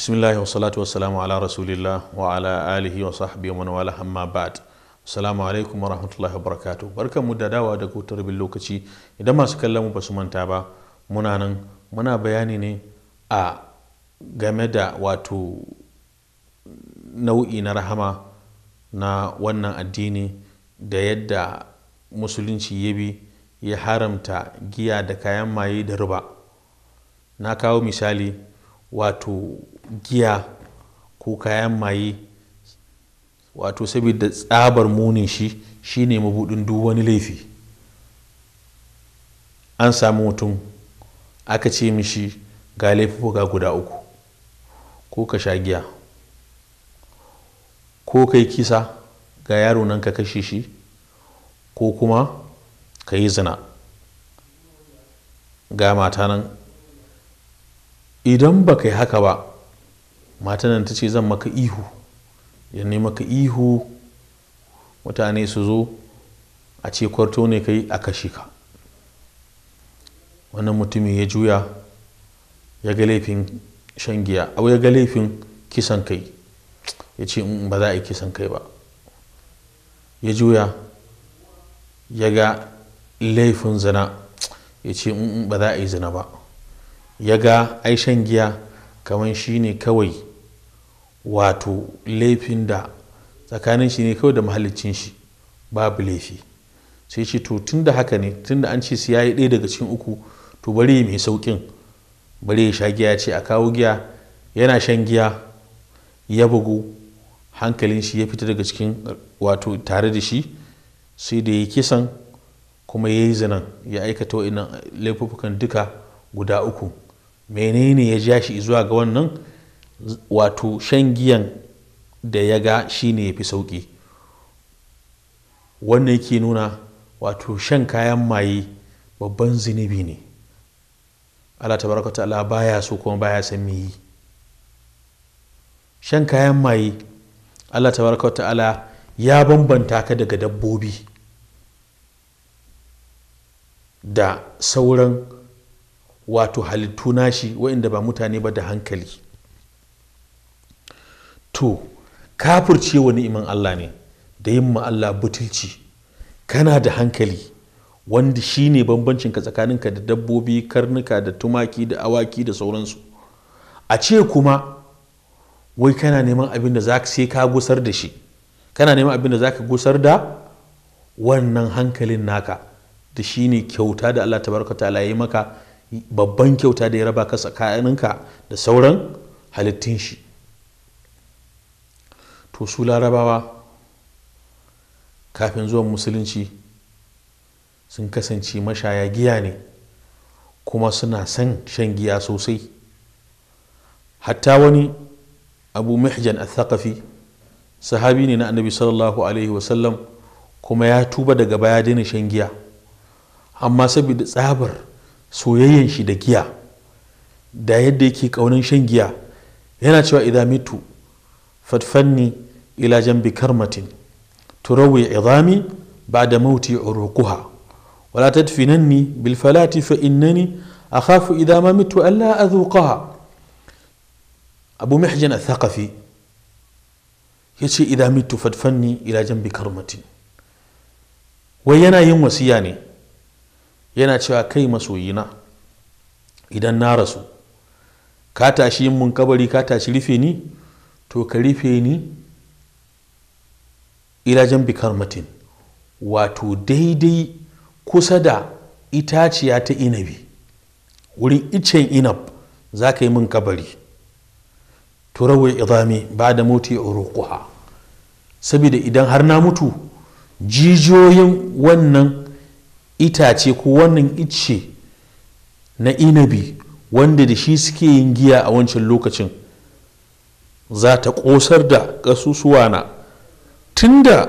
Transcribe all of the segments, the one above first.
bismillahi wa salatu ala rasulillah wa ala alihi wa sahbihi wa wala amma ba'd assalamu alaikum wa rahmatullahi wa barakatuh barkan mu da dawa da gutar bin lokaci idan masu kallon mu ba su manta ba muna nan muna bayani ne a game da wato nau'i na rahama na wannan addini da yadda musulunci ya bi ya haramta giya da kayan maye da ruba na kawo misali wato giya ko kayan maye wato saboda tsabar munin shi shine mabudin duk wani laifi an sami mutum aka ce mishi ga laifuka guda uku ko ka sha giya ko kai kisa ga yaro nan ka kashe shi ko kuma ka yi zina ga mata nan idan ba ka yi haka ba nan ta ce zan maka ihu ya ne maka ihu mutane su zo a ce kwarto ne kai a kashe ka wannan mutumin ya juya ya ga laifin shan giya ya ga laifin kisan kai ya ce mm, ba za a yi kisan kai ba ya juya ya ga laifin zina ya ce mm, mm, ba za a yi zina ba ya ga aishan giya kamar shi ne kawai wato laifin da tsakanin shi ne kawai da mahallicin shi babu laifi sai shi to tun da haka ne tun da an ce su yayi ɗaya daga cikin uku to bari mai sauƙin bari ya sha giya ce a kawo giya yana shan giya ya bugu hankalin shi ya fita daga cikin wato tare da shi sai da ya kisan kuma ya yi zinan ya aikata wa'innan laifuffukan duka guda uku menene ya ja shi zuwa ga wannan wato shan giyan da ya ga shi ne ya fi sauƙi wannan yake nuna wato shan kayan maye babban zunubi ne allah ta ta'ala baya so kuma baya san yi shan kayan maye allah ta ta'ala ya bambanta ka daga dabbobi da sauran wato halittu nashi waɗanda ba mutane ba da hankali to kafirce wani iman Allah ne da yin Allah butulci kana da hankali wanda shi ne bambancinka tsakaninka da dabbobi karnuka da tumaki da awaki da sauransu a ce kuma wai kana neman abin da za ka sai ka gusar da shi kana neman abin da za ka gusar da wannan hankalin naka da shi ne kyauta da Allah ta ta'ala yi maka babban kyauta da ya raba ka tsakaninka da sauran halittun shi to su larabawa kafin zuwan musulunci sun kasance mashaya giya ne kuma suna son shan giya sosai hatta wani abu mihjan al-thaqafi sahabi ne na annabi sallallahu alaihi wasallam kuma ya tuba daga baya daina shan giya amma saboda tsabar soyayyen shi da giya da yadda yake kaunin shan giya yana cewa idan mitu fatfanni إلى جنب كرمة تروي عظامي بعد موتي عروقها ولا تدفنني بالفلاة فإنني أخاف إذا ما مت ألا أذوقها أبو محجن الثقفي يشي إذا مت فادفني إلى جنب كرمة وينا يوم وسياني ينا cewa مسوينا إذا idan na rasu ka tashi yin mun kabari ka ilajen bikar mutum wato daidai kusa da itaciya ta inabi wurin icen inab za ka yi min kabari turawai idami ba da moti ya uruquha saboda idan har na mutu jijiyoyin wannan itace ko wannan ice na inabi wanda da shi suke yin giya a wancan lokacin za ta kosar da ƙasusuwa na tunda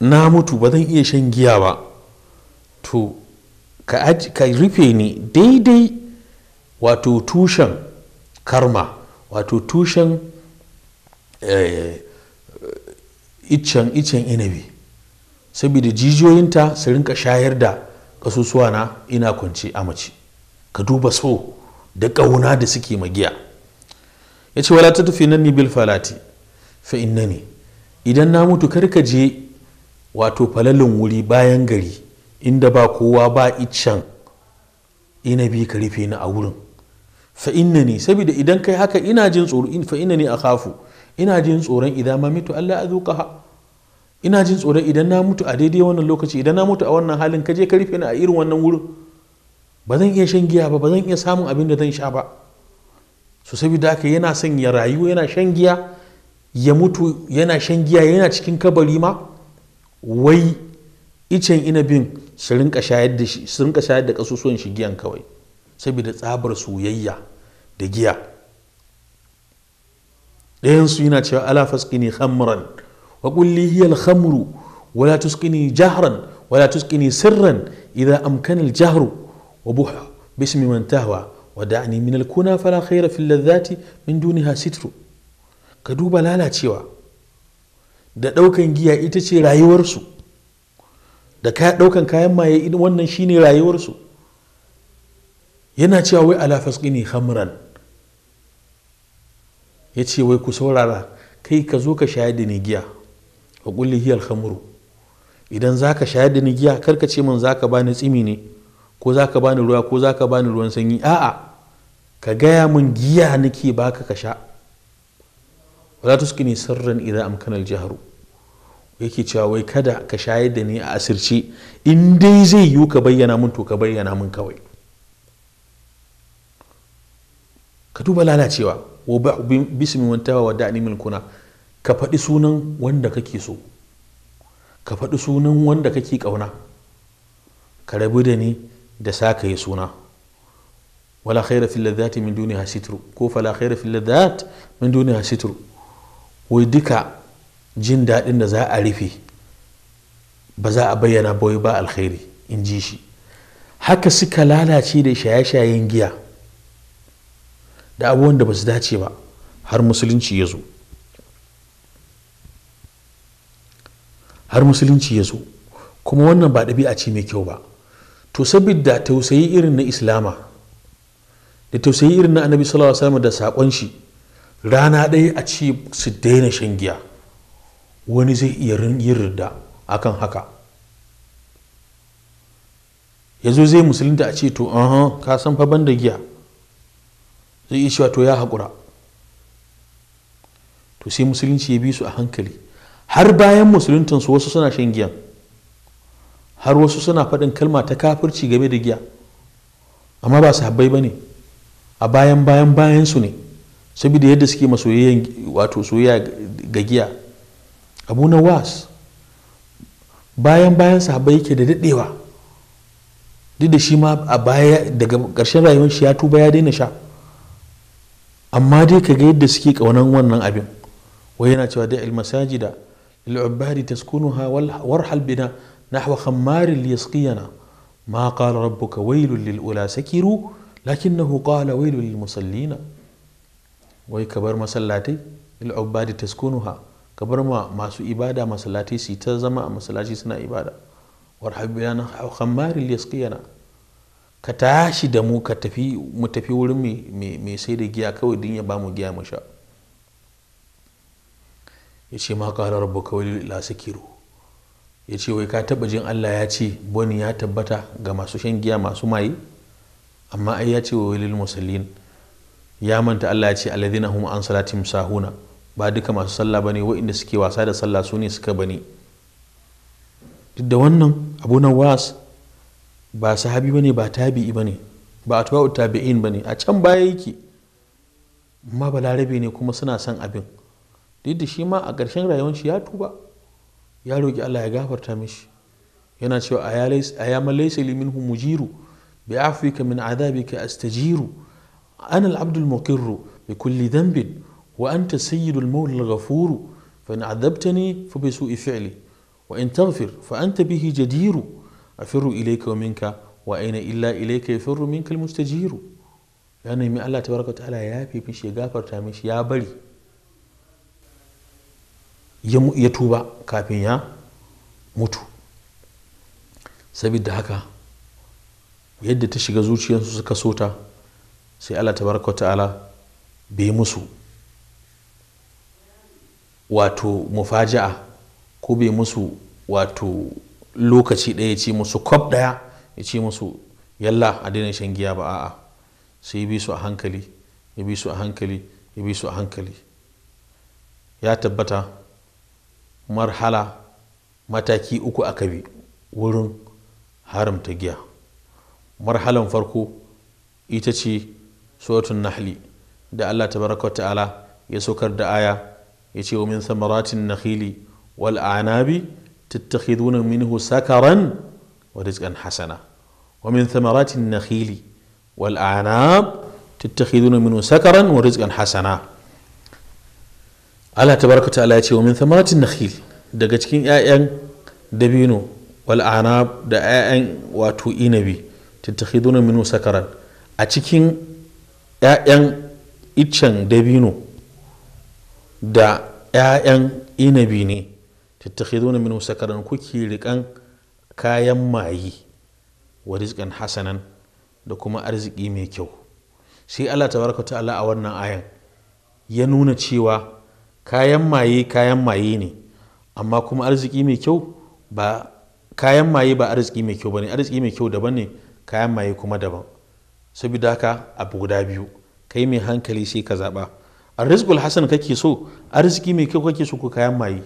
na mutu ba zan iya shan giya ba to ka rufe ni daidai wato tushen karma wato tushen eh, iccen iccen inabi saboda jijiyoyinta su rinka shayar da kasusuwa na ina kwanci a mace ka duba so da ƙauna da suke magiya ya ce wala ta tafi nan ni bil falati fa ne idan na mutu karka je wato falalin wuri bayan gari inda ba kowa ba iccen ina bi ka rufe ni a wurin fa ne saboda idan kai haka ina jin tsoro fa a kafu ina jin tsoron idan ma mutu Allah ha. ina jin tsoron idan na mutu a daidai wannan lokaci idan na mutu a wannan halin ka je ka rufe ni a irin wannan wurin ba zan iya shan giya ba ba zan iya samun abin da zan sha ba su saboda haka yana son ya rayu yana shan giya ya mutu yana shan giya yana cikin kabari ma wai icen inabin su rinka shayar da su kasusuwan shi giyan kawai saboda tsabar soyayya da giya ɗayan su yana cewa ala fasqini khamran wa qul hiya al khamru wa tusqini jahran wa tusqini sirran idha amkana al wa buh bismi man tahwa ودعني من الكنى فلا خير في اللذات من دونها ستر ka duba lalacewa da ɗaukan giya ita ce rayuwarsu da ɗaukan kayan maye wannan shine rayuwarsu yana cewa wai ala ne hamran, ya ce wai ku saurara kai ka zo ka shayar da ni giya wa kulli hiyal khamru idan za ka shayar da ni giya kar ka ce min za ka bani tsimi ne ko za ka bani ruwa ko za ka bani ruwan sanyi a'a ka gaya min giya nake baka ka sha wala tuskini sirran idan amkana aljaharu yake cewa wai kada ka shayar da ni a asirce in dai zai yiwu ka bayyana mun to ka bayyana mun kawai ka duba lalacewa wa bismi wantawa wa da'ni min kuna ka faɗi sunan wanda kake so ka faɗi sunan wanda kake ƙauna ka rabu da ni da sa ka yi suna wala khaira fil ladhati min duniha sitru ko fala khaira fil ladhat min duniha sitru wai duka jin daɗin da za a rufe ba za a bayyana bai ba alkhairi in ji shi haka suka lalace da shaye-shayen giya da abubuwan da ba su dace ba har musulunci ya zo har musulunci ya zo kuma wannan ba ɗabi'a ce mai kyau ba to saboda tausayi irin na islama da tausayi irin na annabi sallallahu alaihi da saƙon shi rana ɗaya a ce su daina shan giya wani zai iya yin ridda kan haka Ya zo zai musulunta a ce to aha ka san fa da giya zai iya cewa to ya haƙura to sai musulunci ya bi su a hankali har bayan musuluntansu wasu suna shan giyan har wasu suna faɗin kalma ta kafirci game da giya amma ba su habbai ba ne a bayan bayan bayan su ne saboda yadda suke masoyayyan wato soyayya ga giya abu na was bayan bayan sahabai yake da daɗewa duk da shi ma a baya daga ƙarshen rayuwar shi ya tuba ya daina sha amma dai ka ga yadda suke ƙaunan wannan abin wai yana cewa da almasajida lil'ubbari taskunuha warhal bina nahwa khammarin liyasqiyana ما قال ربك ويل للأولى سكروا لكنه قال ويل للمصلين wai ka bar masallatai il ubadi taskunuha ka bar ma masu ibada masallatai su ta zama a masallaci suna ibada warhabiyana khammaril yasqiyana ka tashi da mu ka tafi mu tafi wurin mai sai da giya kawai din ya bamu giya mu sha ya ce ma qala rabbuka walil ilasikiru ya ce wai ka taba jin Allah ya ce boni ya tabbata ga masu shan giya masu maye amma ai ya ce wa walil musallin ya manta Allah ya ce alladhina hum an salatihim sahuna ba duka masu sallah bane waɗanda suke wasa da sallah su ne suka bane duk da wannan Abu Nawas ba sahabi bane ba tabi'i bane ba atba'u tabi'in bane a can baya yake amma balarabe ne kuma suna son abin duk da shi ma a ƙarshen rayuwar shi ya tuba ya roki Allah ya gafarta mishi yana cewa a ya malaisa limin mujiru bi afwika min azabika astajiru أنا العبد المقر بكل ذنب وأنت سيد المولى الغفور فإن عذبتني فبسوء فعلي وإن تغفر فأنت به جدير أفر إليك ومنك وأين إلا إليك يفر منك المستجير لأن يعني الله تبارك وتعالى يا في بشي غافر تامش يا بلي ya tuba kafin متو سبيد هكا haka yadda ta shiga zuciyarsu sai allah tabaraka ta'ala bi musu wato mufaja'a ko bi musu wato lokaci ɗaya ce musu kwab ɗaya ya ce musu yalla a daina shan giya ba a'a sai bi su a hankali ya bi su a hankali ya bi su a hankali ya tabbata marhala mataki uku aka bi wurin haramta giya marhalan farko ita ce suratun nahli da Allah Ta tabaraka ta'ala ya sokar da aya ya ce wa min samaratin nakhili wal anabi tattakhiduna minhu sakaran wa rizqan hasana wa min samaratin nakhili wal anab tattakhiduna minhu sakaran wa rizqan hasana Allah tabaraka ta'ala ya ce wa min samaratin nakhil daga cikin 'ya'yan dabino wal anab da 'ya'yan wato inabi tattakhiduna minhu sakaran a cikin 'ya'yan iccen dabino da 'ya'yan inabi ne tattakhiduna min sakaran kuke rikan kayan mayi wa rizqan hasanan da kuma arziki mai kyau sai Allah tabaraka ta'ala a wannan ayan ya nuna cewa kayan maye kayan maye ne amma kuma arziki mai kyau ba kayan maye ba arziki mai kyau bane arziki mai kyau daban ne kayan maye kuma daban saboda haka abu guda biyu kai mai hankali sai ka zaɓa arzikul hasan kake so arziki mai kyau kake so ko kayan maye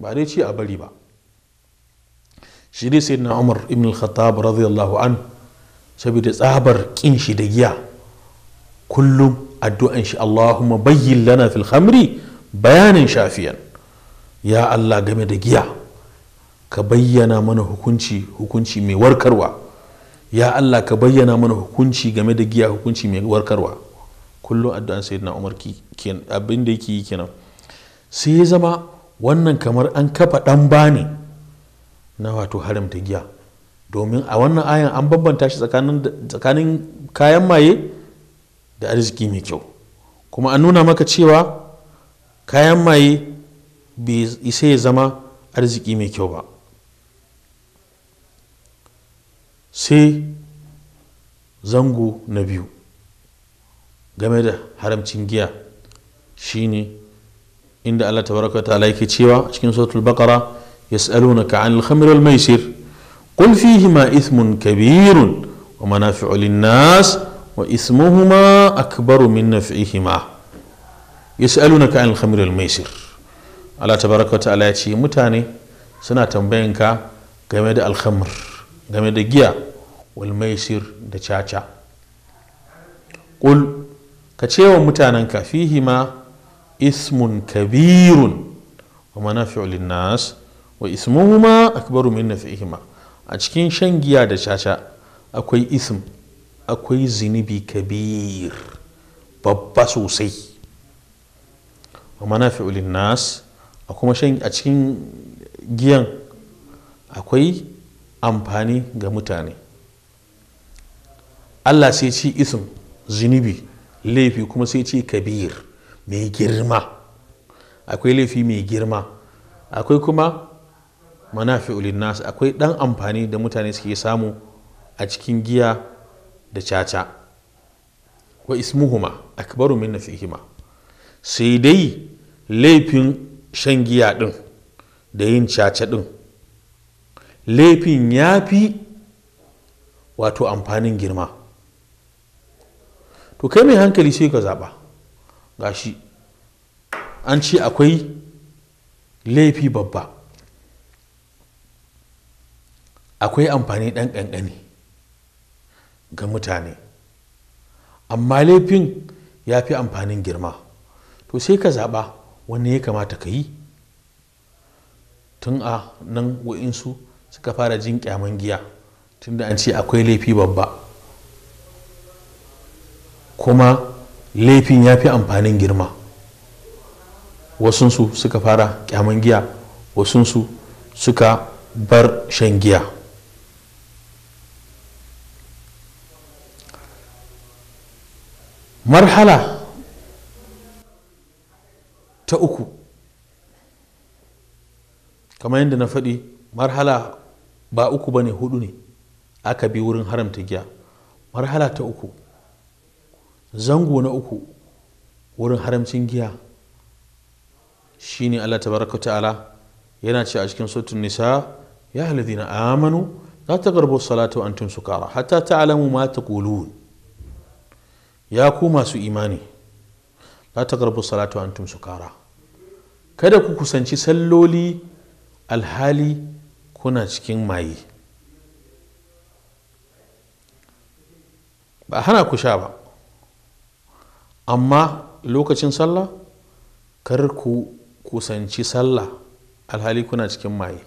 ba dai ci a bari ba shi dai sai na umar ibn al-khattab radiyallahu an saboda tsabar kin shi da giya kullum addu'an shi Allahumma bayyin lana fil khamri bayanin shafiyan ya Allah game da giya ka bayyana mana hukunci hukunci mai warkarwa ya Allah ka bayyana mana hukunci game da giya hukunci mai warkarwa kullum addu'an sayyidina Umar abin da yake yi kenan sai ya zama wannan kamar an kafa dan bani na wato haramta giya domin a wannan ayan an bambanta shi tsakanin kayan maye da arziki mai kyau kuma an nuna maka cewa kayan maye bai isa ya zama arziki mai kyau ba sai zango na biyu game da haramcin giya shine inda Allah tabaraka ta'ala yake cewa cikin suratul baqara yas'alunaka 'anil khamri wal maisir qul fihima ithmun kabirun wa manafi'u lin-nas wa ismuhuma akbaru min naf'ihima yas'alunaka 'anil khamri wal maisir Allah tabaraka ta'ala ya ce mutane suna tambayanka game da alkhamr game da giya walmaisir maisir da caca ƙul ka ce wa mutanenka fihi ma ismun kabirun wa manafi'u nas wa ismuhuma akbaru min nafi'ihima a cikin shan giya da caca akwai ism akwai zinibi kabir babba sosai wa manafi'u nas a kuma shan a cikin giyan akwai amfani ga mutane allah sai ci isin zunubi laifi kuma sai ce kabir mai girma akwai laifi mai girma akwai kuma manafi'ulin nas akwai dan amfani da mutane suke samu a cikin giya da caca wa ismuhuma akbaru min nafihima sai dai laifin shan giya din da yin caca din laifin ya fi wato amfanin girma to kai mai hankali sai ka zaɓa gashi an ce akwai laifi babba akwai amfani ɗan ƙanƙani ga mutane amma laifin ya fi amfanin girma to sai ka zaɓa wanne ya kamata ka yi tun a nan wa'insu suka fara jin kyamun giya tunda an ce akwai laifi babba kuma laifin ya fi amfanin girma wasunsu suka fara kyamun giya wasunsu suka bar shan giya marhala ta uku kamar yadda na faɗi marhala ba uku ba ne hudu ne aka bi wurin haramta giya marhala ta uku zango na uku wurin haramcin giya shine Allah tabaraka ta'ala yana ce a cikin sutun nisa ya halazina amanu za ta garbo salatu an tun sukara hatta ta'alamu ma ta ya ku masu imani za ta garbo salatu an tun sukara kada ku kusanci salloli alhali kuna cikin maye ba hana ku sha ba amma lokacin sallah kar ku kusanci sallah alhali kuna cikin maye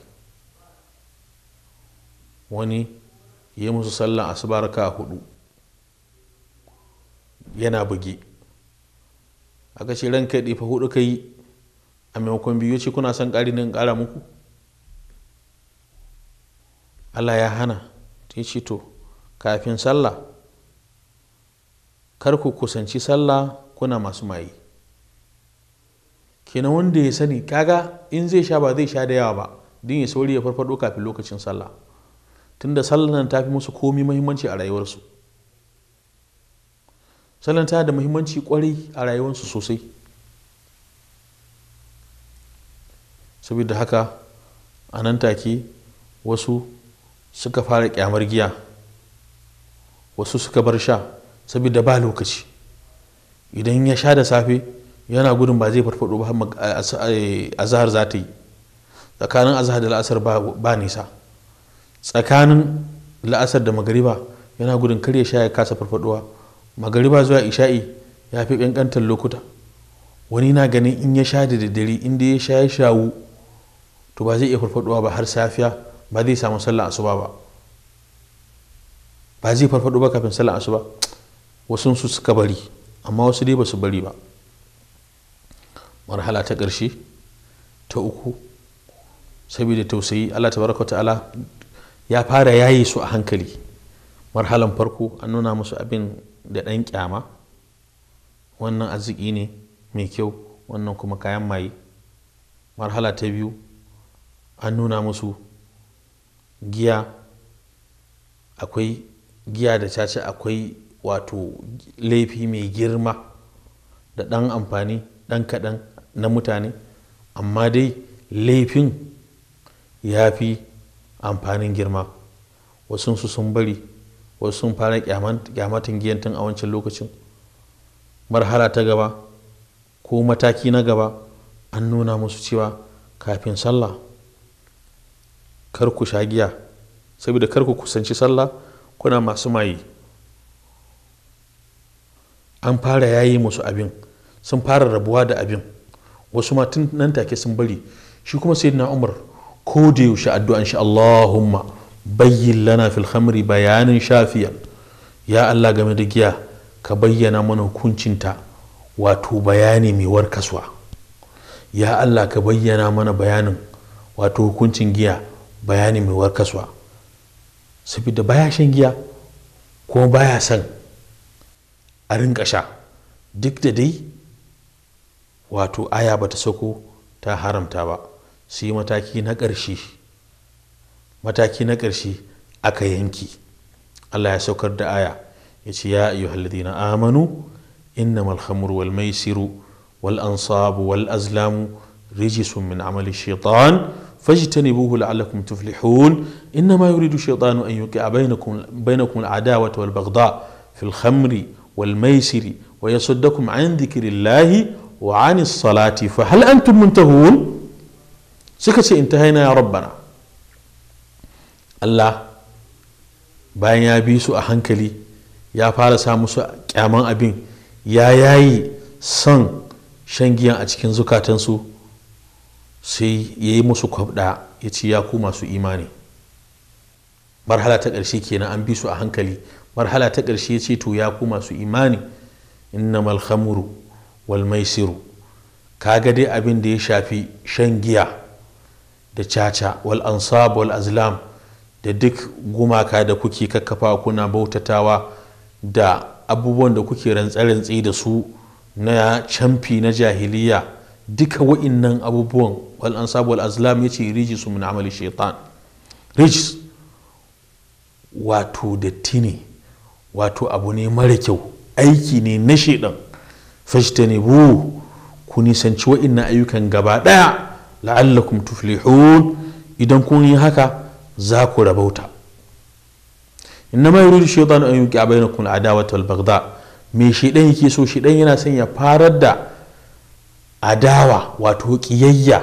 wani yi musu sallah a hudu yana buge aka ce ranka ya ɗifa hudu ka yi a maimakon biyu ce kuna son ƙari nan ƙara muku allah ya hana ta ce to kafin sallah kar ku kusanci sallah kuna masu maye kenan wanda ya sani kaga in zai sha ba zai sha da yawa ba din ya sauri ya farfado kafin lokacin sallah tunda sallah nan ta fi musu komi muhimmanci a rayuwarsu sallah ta da muhimmanci kwarai a rayuwarsu sosai saboda haka a nan take wasu suka fara kyamar giya wasu suka bar sha saboda ba lokaci idan ya sha da safe yana gudun ba zai farfado ba eh, eh, azahar za ta yi tsakanin azahar da la'asar ba nisa tsakanin la'asar da magariba yana gudun kar ya sha ya kasa farfadowa magariba zuwa isha'i ya fi kankantar lokuta wani na ganin in ya sha da daddare inda ya sha ya shawu to ba zai iya farfadowa ba har safiya ba zai samu sallah asuba ba ba zai farfado ba kafin sallah asuba wasu su suka bari amma wasu dai ba su bari ba marhala ta ƙarshe ta uku saboda tausayi allah tabaraka ta'ala ya fara yaye su a hankali marhalan farko an nuna musu abin da ɗan kyama wannan arziki ne mai kyau wannan kuma kayan maye marhala ta biyu an nuna musu giya akwai giya da caca akwai wato laifi mai girma da ɗan amfani ɗan kaɗan na mutane amma dai laifin ya fi amfanin girma wasu sun bari wasu sun fara kyamatin giyan tun a wancan lokacin marhala ta gaba ko mataki na gaba an nuna musu cewa kafin sallah kar ku sha giya saboda kar ku kusanci sallah kuna masu maye an fara yayi musu abin sun fara rabuwa da abin wasu matan nan take sun bari shi kuma sayyidina umar ko da yaushe addu'an shi Allahumma bayyin lana fil khamri bayanin shafiya ya Allah game da giya ka bayyana mana hukuncinta wato bayani mai warkaswa ya Allah ka bayyana mana bayanin wato hukuncin giya bayani mai warkaswa saboda baya shan giya kuma baya son a rinka sha duk da dai wato aya bata sako ta haramta ba sai mataki na ƙarshe mataki na ƙarshe aka yanki allah ya saukar da aya ya ce ya ayyuhalladhina amanu innamal khamru wal maisiru wal ansabu wal azlamu rijisun min amali shaitan فاجتنبوه لعلكم تفلحون إنما يريد الشيطان أن يوقع بينكم, بينكم العداوة والبغضاء في الخمر والميسر ويصدكم عن ذكر الله وعن الصلاة فهل أنتم منتهون سكت انتهينا يا ربنا الله bayan ya bi su a hankali ya fara sa musu kyaman abin ya yayi son shan giyan a cikin zukatansu sai ya yi musu kwabda ya ci ya ku masu imani marhala ta ƙarshe kenan an bi su a hankali marhala ta ƙarshe ya ce to ya ku masu imani innamal khamru wal maisiru kaga dai abin da ya shafi shan giya da caca wal ansab wal azlam da duk gumaka da kuke kakkafa kuna bautatawa da abubuwan da kuke rantsarantsi da su na camfi na jahiliya duka wa'innan abubuwan wal ansabu ya ce yace rijisu min amali shaitan rijis wato datti ne wato abu ne mara kyau aiki ne na shaidan fajtanibu ku nisanci wa'innan ayyukan gaba daya la'allakum tuflihun idan kun yi haka za ku rabauta innama yuridu shaitan, an yuqi'a bainakum al'adawata wal baghdha me shaydan yake so shaydan yana son ya farar da adawa wato ƙiyayya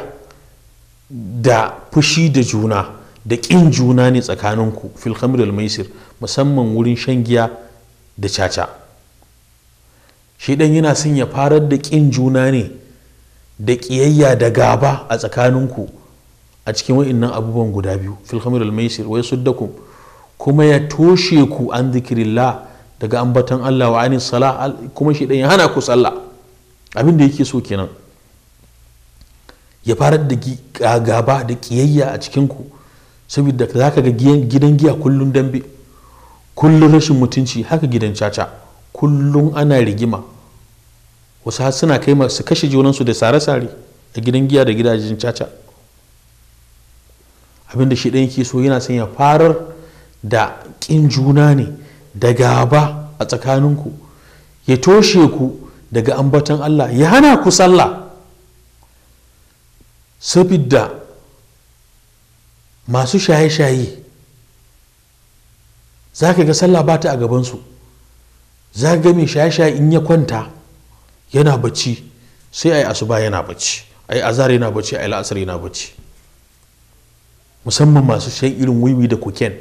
da fushi da juna da ƙin juna ne tsakaninku filhamir khamrul maisir musamman wurin shan giya da caca shi ɗan yana son ya farar da ƙin juna ne da ƙiyayya da gaba a tsakaninku a cikin wa'innan abubuwan guda biyu filhamir maisir wai suddakum kuma ya toshe ku an La daga ambaton Allah wa sala kuma shi ɗan ya hana ku sallah abin da yake so kenan ya farar da gaba da kiyayya a cikinku saboda za ka ga gidan giya kullum dambe kullum rashin mutunci haka gidan caca kullum ana rigima wasu suna kai masu kashe junansu da sare-sare a gidan giya da gidajen caca abinda shi ɗan ke so yana son ya farar da ƙin juna ne da gaba a tsakaninku ya toshe ku daga ambaton Allah ya hana ku sallah saboda masu shaye-shaye za ka ga sallah ba ta a gabansu za ka ga mai shaye-shaye in ya kwanta yana bacci sai a yi asuba yana bacci a yi azari yana bacci a yi la'asar yana bacci musamman masu shan irin wiwi da koken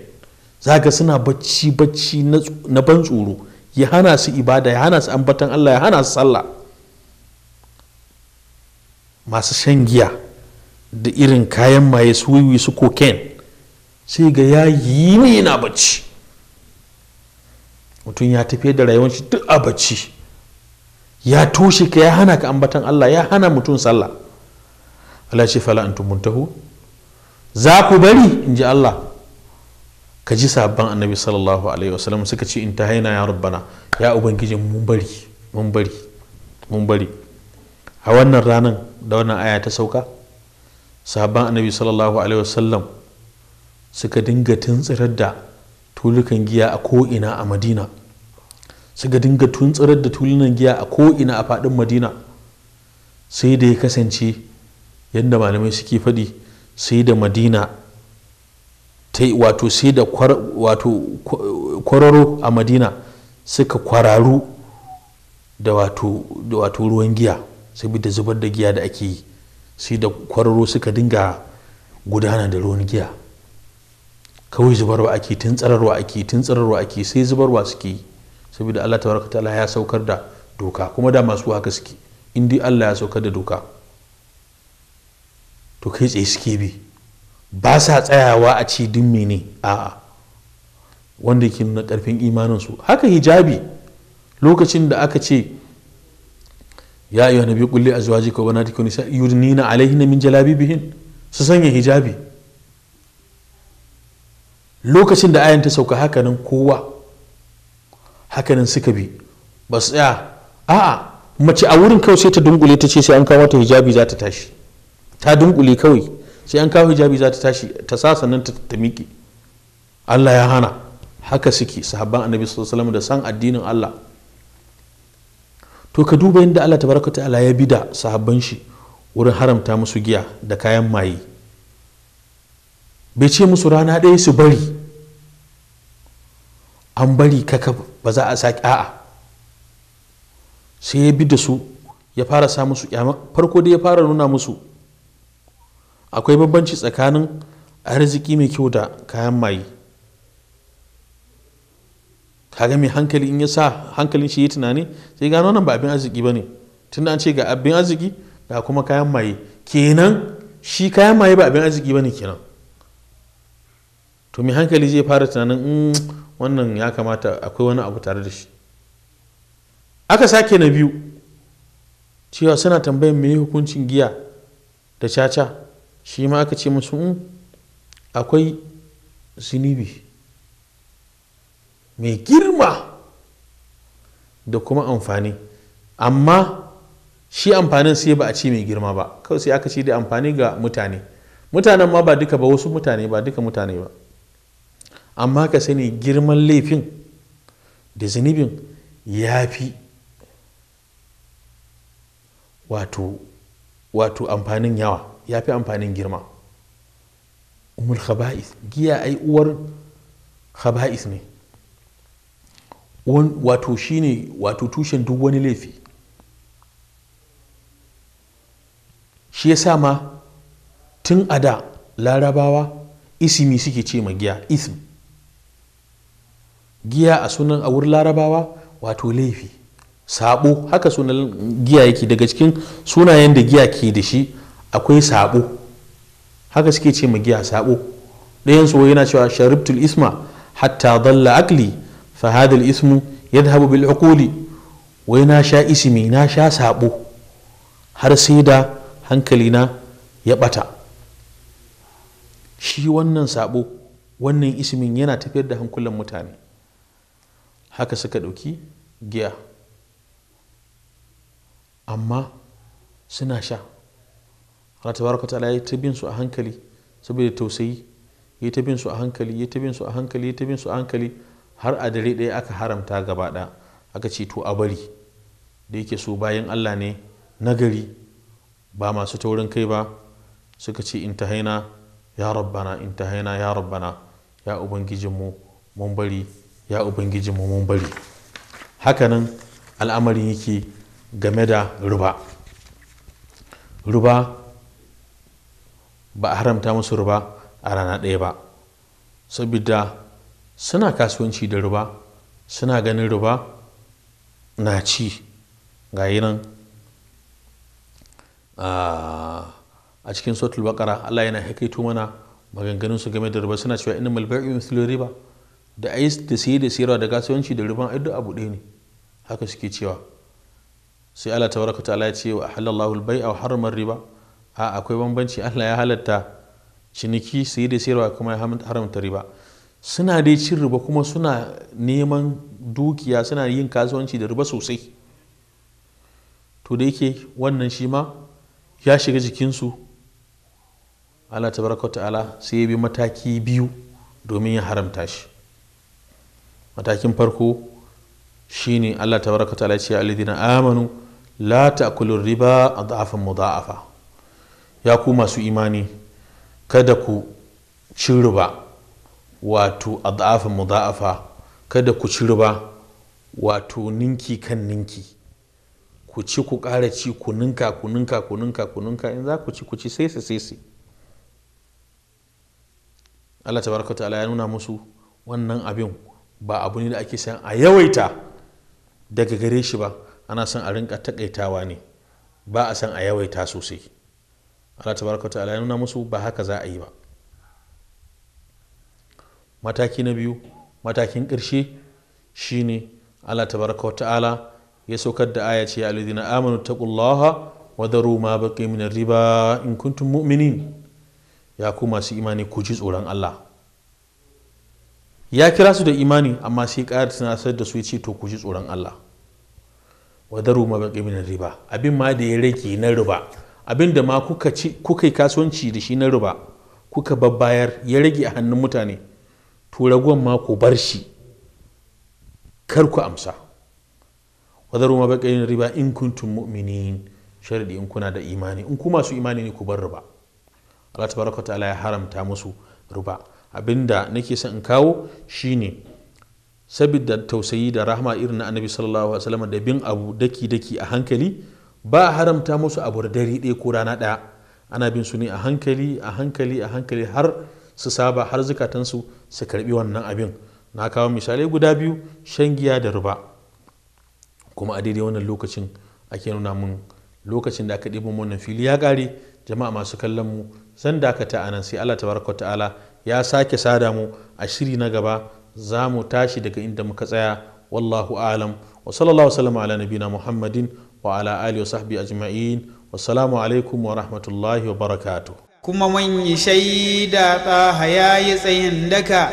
za ga suna bacci bacci na ban tsoro ya hana su ibada ya hana su ambatan allah ya hana su sallah masu shan giya da irin kayan maye su wiwi su cocaine sai ga ya yi ne yana bacci mutum ya tafiye da rayuwar shi duk a bacci ya toshe ka ya hana ka ambatan Allah ya hana mutum sallah Allah ce fala antum muntahu za ku bari in ji Allah ka ji sabon annabi sallallahu alaihi wasallam suka ce in ta haina ya rabbana ya ubangiji mun bari mun bari mun bari a wannan ranar da wannan aya ta sauka sabon annabi sallallahu alaihi wasallam suka dinga tuntsirar da tulukan giya a ko'ina a madina suka dinga tuntsirar da tulunan giya a ko'ina a faɗin madina sai da ya kasance yadda malamai suke faɗi sai da madina ta wato sai da kwararo a madina suka kwararu da wato ruwan giya saboda zubar da giya da ake yi sai da kwararo suka dinga gudana da ruwan giya kawai zubarwa ake tun tsararwa ake tun tsararwa ake sai zubarwa suke saboda Allah tabaraka ta'ala ya saukar da doka kuma da masu haka suke in Allah ya saukar da doka to kai tsaye suke bi ba sa tsayawa a ci din mene a'a wanda ke nuna karfin imaninsu haka hijabi lokacin da aka ce ya ayyuha nabi qul li azwajika wa banatika nisa nisa'i yudnina alayhinna min jalabibihin su sanya hijabi lokacin da ayan ta sauka hakanan kowa hakanan suka bi ba su tsaya a'a mace a wurin kawai sai ta dunkule ta ce sai an kawo mata hijabi za ta tashi ta dunkule kawai sai an kawo hijabi za ta tashi ta sa sannan ta miƙe Allah ya hana haka suke sahabban annabi sallallahu alaihi wasallam da san addinin Allah to ka duba yadda Allah tabaraka ta'ala ya bida sahabban shi wurin haramta musu giya da kayan maye bai ce musu rana ɗaya su bari an bari kaka ba za a saki a'a sai ya bi da su ya fara sa musu kyama farko dai ya fara nuna musu akwai bambanci tsakanin arziki mai kyau da kayan maye kaga mai hankali in ya sa hankalin shi yi tunani sai gano nan ba abin arziki ba ne tunda an ce ga abin arziki ga kuma kayan maye kenan shi kayan maye ba abin arziki ba ne kenan to mai hankali zai fara tunanin mm, wannan ya kamata akwai wani abu tare da shi aka sake na biyu cewa suna tambayan mai hukuncin giya da caca shi ma aka ce musu mm, akwai zinibi. mai girma da kuma amfani amma shi amfanin sai ba a ci mai girma ba kawai sai aka ci da amfani ga mutane mutanen ma ba duka ba wasu mutane ba duka mutane ba amma ka sani girman laifin da zunubin ya fi wato wato amfanin yawa ya fi amfanin girma umul khaba'is giya ai uwar khaba'is ne wato ne wato tushen duk wani laifi shi yasa ma tun a da larabawa isimi suke ce ma giya ism giya a sunan a wurin larabawa wato laifi sabo haka sunan giya yake daga cikin sunayen da giya ke da shi akwai sabo haka suke ce ma giya sabo ɗayan su yana cewa sharibtul isma hatta dalla akli fa hadal ismu yadhhabu bil uquli wai na sha isimi na sha saɓo, har sai da hankalina ya ɓata, shi wannan saɓo wannan isimin yana tafiyar da hankulan mutane haka suka ɗauki giya amma suna sha Allah tabaraka ta'ala ya ta bin a hankali saboda tausayi ya ta bin hankali ya ta bin hankali ya ta bin hankali har a dare ɗaya aka haramta gaba aka ce to a bari da yake so bayan allah ne nagari ba masu taurin kai ba suka ce in haina ya rabbana in haina ya rabbana ya ubangijinmu mun bari ya ubangijinmu mun bari hakanan al'amarin yake game da ruba ruba ba a haramta musu ruba a rana ɗaya ba saboda suna kasuwanci da ruba suna ganin ruba na ci ga nan ah, a cikin sotul bakara allah yana haikaito mana maganganun su game da ruba suna cewa inna malbai'u mithlu riba da ai da siye da siyarwa da kasuwanci da ruban ai duk abu ɗaya ne haka suke cewa sai allah tabaraka ta'ala ya ce wa halallahu bai a harama riba a akwai bambanci allah ya halatta ciniki siye da siyarwa kuma ya haramta riba suna dai cin riba kuma suna neman dukiya suna yin kasuwanci da riba sosai to da yake wannan shi ma ya shiga jikinsu Allah ta ta'ala sai ya bi mataki biyu domin ya haramta shi matakin farko shi ne Allah ta ta'ala ce alladina amanu la ta'kulu riba a adafan mudha'afa ya ku masu imani kada ku cin riba wato adhafin mudha'afa kada ku ci riba wato ninki kan ninki ku ci ku ƙara ci ku ninka ku ninka ku ninka ku ninka in za ku ci ku ci sai sai sai Allah baraka ta'ala ya nuna musu wannan abin ba abu ne da ake san a yawaita daga gare shi ba ana san a rinka takaitawa ne ba a san a yawaita sosai Allah baraka ta'ala ya nuna musu ba haka za a yi ba mataki na biyu matakin ƙarshe shine allah tabaraka wa ta'ala ya saukar da aya ce alladhina amanu taqullaha wa daru ma baqi min riba in kuntum mu'minin ya ku masu imani ku ji tsoron allah ya kira su da imani amma sai ƙara sar da su ya ce to ku ji tsoron allah wa daru ma baqi min riba abin ma da ya rage na riba abin da ma kuka yi kasuwanci da shi na riba kuka babbayar ya rage a hannun mutane to gwan ma ku bar shi kar ku amsa wadaru ma bakarin riba in kuntum mu'minin sharadi in kuna da imani in ku masu imani ne ku bar riba Allah tabaraka ta'ala ya haramta musu riba abinda nake son in kawo shine sabida tausayi da rahama irin na annabi sallallahu alaihi wasallam da bin abu daki daki a hankali ba haramta musu abu da dare ɗaya ko rana ɗaya ana bin su ne a hankali a hankali a hankali har su saba har zukatansu su karbi wannan abin na kawo misalai guda biyu shan giya da ruba kuma a daidai wannan lokacin ake nuna mun lokacin da aka ɗibin wannan fili ya ƙare jama'a masu kallon mu zan dakata a nan, sai Allah tabaraka ta'ala ya sake sada mu a shiri na gaba za mu tashi daga inda muka tsaya wallahu alam wa sallallahu wasallam ala nabina muhammadin wa ala alihi wa sahbihi ajma'in salamu alaikum wa rahmatullahi wa barakatuh kuma mun yi shaida ta ya yi tsayin daka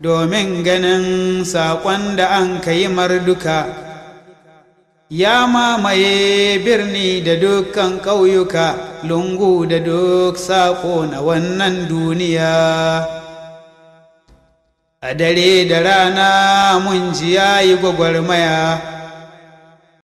domin ganin saƙon da an ka yi marduka ya mamaye birni da dukkan ƙauyuka lungu da duk saƙo na wannan duniya a dare da rana mun ji ya yi gwagwarmaya